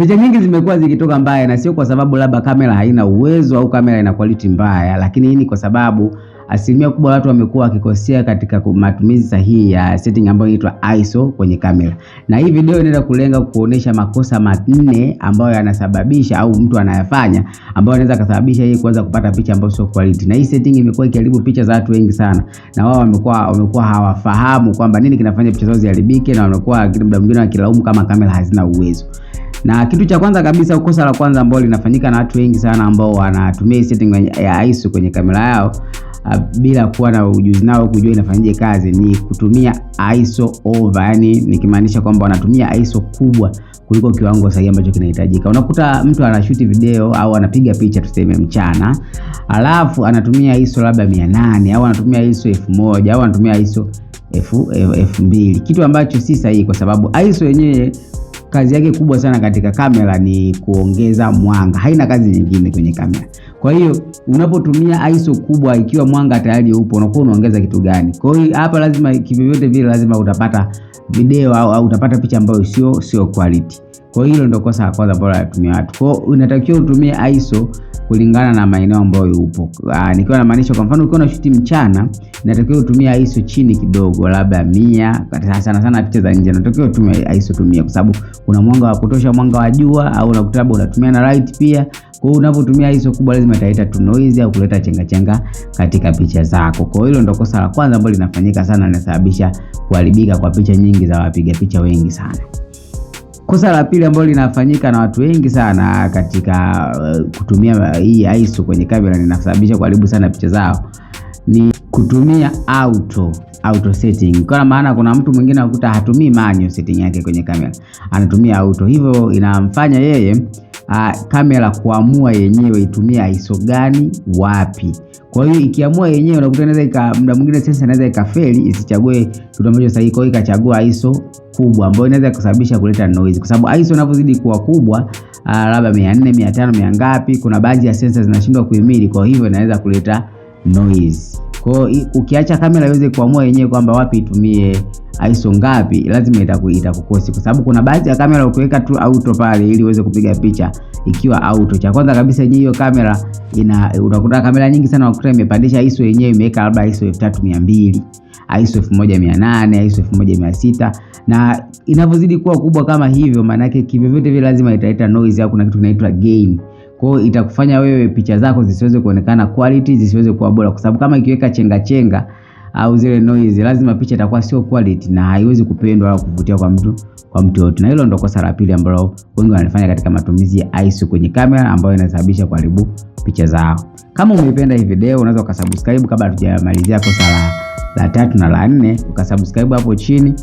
Picha nyingi zimekuwa zikitoka mbaya, na sio kwa sababu labda kamera haina uwezo au kamera ina quality mbaya, lakini hii ni kwa sababu asilimia kubwa watu wamekuwa wakikosea katika matumizi sahihi ya setting ambayo inaitwa ISO kwenye kamera, na hii video inaenda kulenga kuonesha makosa manne ambayo yanasababisha au mtu anayafanya ambayo anaweza kusababisha yeye kuanza kupata picha ambazo sio quality. Na hii setting imekuwa ikiharibu picha za watu wengi sana, na wao wamekuwa wamekuwa hawafahamu kwamba nini kinafanya picha zao ziharibike, na wamekuwa muda mwingine wakilaumu kama kamera hazina uwezo. Na kitu cha kwanza kabisa, kosa la kwanza ambalo linafanyika na watu wengi sana ambao wanatumia setting ya ISO kwenye kamera yao ah, bila kuwa na ujuzi nao kujua inafanyaje kazi ni kutumia ISO over, yani nikimaanisha kwamba wanatumia ISO kubwa kuliko kiwango sahihi ambacho kinahitajika. Unakuta mtu anashuti video au anapiga picha tuseme mchana, alafu anatumia ISO labda 800 au anatumia ISO 1000 au anatumia ISO eh, elfu mbili, kitu ambacho si sahihi kwa sababu ISO yenyewe kazi yake kubwa sana katika kamera ni kuongeza mwanga, haina kazi nyingine kwenye kamera. Kwa hiyo unapotumia ISO kubwa, ikiwa mwanga tayari upo, unakuwa unaongeza kitu gani? Kwa hiyo hapa lazima kivyovyote vile lazima utapata video au, au utapata picha ambayo sio sio quality. Kwa hiyo hilo ndio kosa la kwanza ambalo wanatumia watu. Kwa hiyo unatakiwa utumie ISO kulingana na maeneo ambayo yupo. Ah, nikiwa namaanisha kwa mfano, ukiwa shuti mchana, natakiwa utumie ISO chini kidogo, labda mia. Sana sana picha za nje natakiwa utumie ISO tumia, kwa sababu kuna mwanga wa kutosha, mwanga wa jua, au unakuta labda unatumia na light pia. Kwa hiyo unapotumia ISO kubwa lazima italeta tu noise au kuleta chenga chenga katika picha zako. Kwa hiyo hilo ndio kosa la kwanza ambalo linafanyika sana, linasababisha kuharibika kwa picha nyingi za wapiga picha wengi sana. Kosa la pili ambalo linafanyika na watu wengi sana katika uh, kutumia uh, hii ISO kwenye kamera linasababisha kuharibu sana picha zao ni kutumia auto auto setting. Kwa maana kuna mtu mwingine anakuta hatumii manual setting yake kwenye kamera, anatumia auto, hivyo inamfanya yeye Ah, kamera kuamua yenyewe itumie ISO gani wapi. Kwa hiyo ikiamua yenyewe unakuta inaweza muda mwingine sensa inaweza ikafeli isichague kitu ambacho sahihi, kwa hiyo ikachagua ISO kubwa ambayo inaweza kusababisha kuleta noise, kwa sababu ISO inavyozidi kuwa kubwa ah, mia labda 400, 500, mia ngapi, kuna baadhi ya sensa zinashindwa kuhimili, kwa hivyo inaweza kuleta noise. Kwa hiyo ukiacha kamera iweze kuamua yenyewe kwamba wapi itumie ISO ngapi, lazima itakukosi, kwa sababu kuna baadhi ya kamera ukiweka tu auto pale ili uweze kupiga picha ikiwa auto, cha kwanza kabisa yenyewe hiyo kamera ina, unakuta kamera nyingi sana unakuta imepandisha ISO yenyewe imeweka labda ISO 3200 ISO 1800 ISO 1600 na inavyozidi kuwa kubwa kama hivyo, maana yake kivyovyote vile lazima italeta noise au kuna kitu kinaitwa gain kwa hiyo itakufanya wewe picha zako zisiweze kuonekana quality, zisiweze kuwa bora, kwa sababu kama ikiweka chenga chenga au zile noise, lazima picha itakuwa sio quality na haiwezi kupendwa au kuvutia kwa mtu kwa mtu yote, na hilo ndo kosa la pili ambalo wengi wanafanya katika matumizi ya ISO kwenye kamera ambayo inasababisha kuharibu picha zao. Kama umeipenda hii video, unaweza ukasubscribe kabla hatujamalizia kosa la, la tatu na la nne, ukasubscribe hapo chini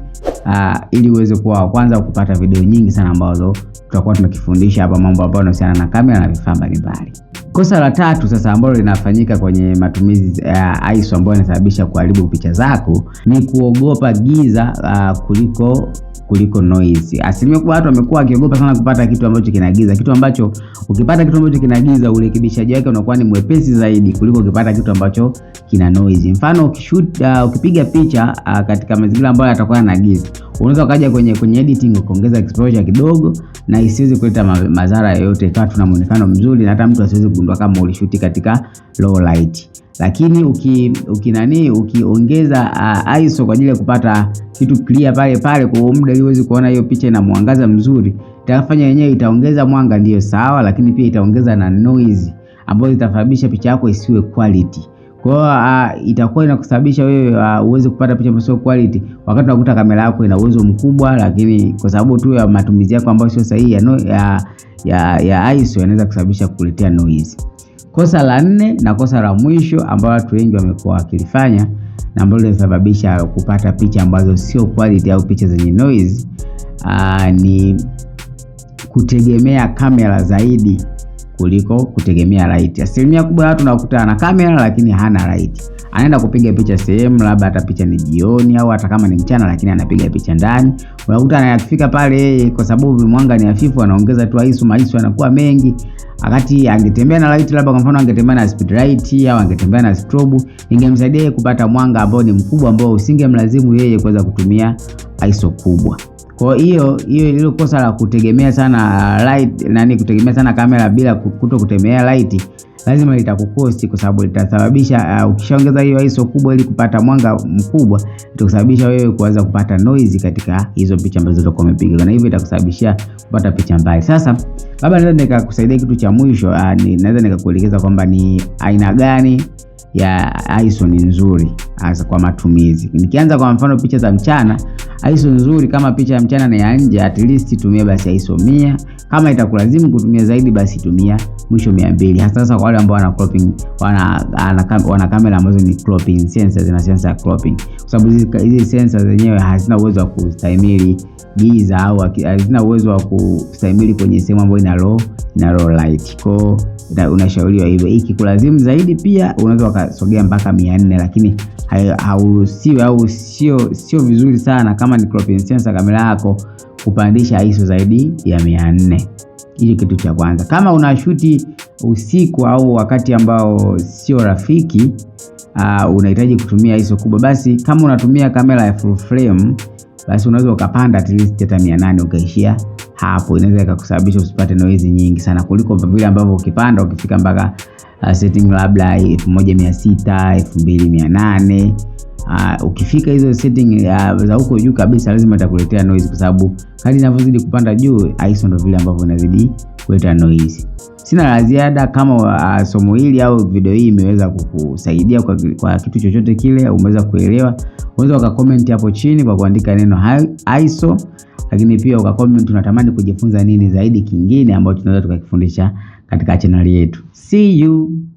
uh, ili uweze kuwa wa kwanza kupata video nyingi sana ambazo tutakuwa tunakifundisha hapa mambo ambayo yanahusiana na kamera na vifaa mbalimbali. Kosa la tatu sasa ambalo linafanyika kwenye matumizi ya uh, eh, ISO ambayo inasababisha kuharibu picha zako ni kuogopa giza uh, kuliko kuliko noise. Asilimia kubwa watu wamekuwa wakiogopa sana kupata kitu ambacho kina giza, kitu ambacho ukipata kitu ambacho kina giza urekebishaji wake unakuwa ni mwepesi zaidi kuliko ukipata kitu ambacho kina noise. Mfano ukishoot, uh, ukipiga picha uh, katika mazingira ambayo yatakuwa na giza unaweza ukaja kwenye kwenye editing ukaongeza exposure kidogo na isiweze kuleta madhara yoyote, ikawa tuna muonekano mzuri na hata mtu asiweze kugundua kama ulishuti katika low light. Lakini uki, uki nani ukiongeza uh, ISO kwa ajili ya kupata kitu clear pale pale kwa muda ili uweze kuona hiyo picha ina mwangaza mzuri, itafanya yenyewe itaongeza mwanga ndiyo sawa, lakini pia itaongeza na noise ambayo itasababisha picha yako isiwe quality. Kwa hiyo uh, itakuwa inakusababisha wewe uh, uweze kupata picha ambayo sio quality, wakati unakuta kamera yako ina uwezo mkubwa, lakini kwa sababu tu ya matumizi yako ambayo sio sahihi ya, no, ya, ya, ya ISO yanaweza kusababisha kukuletea noise. Kosa la nne na kosa la mwisho ambalo watu wengi wamekuwa wakilifanya na ambalo linasababisha kupata picha ambazo sio quality au picha zenye noise uh, ni kutegemea kamera zaidi kuliko kutegemea light. Asilimia kubwa ya watu nakutana na kamera lakini hana light. Anaenda kupiga picha sehemu, labda hata picha ni jioni au hata kama ni mchana, lakini anapiga picha ndani. Unakuta anafika pale, kwa sababu mwanga ni hafifu, anaongeza tu aisu maisu, yanakuwa mengi. Wakati angetembea na light, labda kwa mfano angetembea na speed light au angetembea na strobe, ingemsaidia kupata mwanga ambao ni mkubwa, ambao usingemlazimu yeye kuweza kutumia aiso kubwa. Kwa hiyo hiyo ililo kosa la kutegemea sana light, nani kutegemea sana kamera bila kuto kutegemea light lazima litakukosti kwa sababu litasababisha uh, ukishaongeza hiyo ISO kubwa ili kupata mwanga mkubwa itakusababisha wewe kuanza kupata noise katika hizo picha ambazo utakuwa umepiga, na hivyo itakusababishia kupata picha mbaya. Sasa baba, naweza nikakusaidia kitu cha mwisho uh, naweza nikakuelekeza kwamba ni aina gani ya ISO ni nzuri hasa kwa matumizi. Nikianza kwa mfano picha za mchana ISO nzuri kama picha ya mchana na ya nje, at least tumia basi ISO 100. Kama itakulazimu kutumia zaidi, basi tumia mwisho mia mbili hasa sasa wale ambao wana cropping wana, wana, wana kamera ambazo ni cropping sensor zina sensor ya cropping kwa sababu hizi sensor zenyewe hazina uwezo wa kustahimili giza au hazina uwezo wa kustahimili kwenye sehemu ambayo ina low na low light kwa unashauriwa hivyo. Ikikulazimu zaidi, pia unaweza ukasogea mpaka mia nne, lakini hauruhusiwi au sio sio vizuri sana kama ni cropping sensor kamera yako kupandisha ISO zaidi ya mia ili kitu cha kwanza. Kama unashuti usiku au wakati ambao sio rafiki, uh, unahitaji kutumia ISO kubwa, basi kama unatumia kamera ya full frame, basi unaweza ukapanda at least hata 800 ukaishia hapo, inaweza ikakusababisha usipate noise nyingi sana kuliko vile ambavyo ukipanda ukifika mpaka uh, setting labda 1600, 2800 uh, ukifika hizo setting uh, za huko juu kabisa lazima itakuletea noise, kwa sababu kadi inavyozidi kupanda juu ISO ndio vile ambavyo inazidi kuleta noise. Sina la ziada. Kama uh, somo hili au video hii imeweza kukusaidia kwa, kwa kitu chochote kile, umeweza kuelewa, unaweza ukakomenti hapo chini kwa kuandika neno ISO, lakini pia ukakomenti unatamani kujifunza nini zaidi kingine ambacho tunaweza tukakifundisha katika chaneli yetu. See you.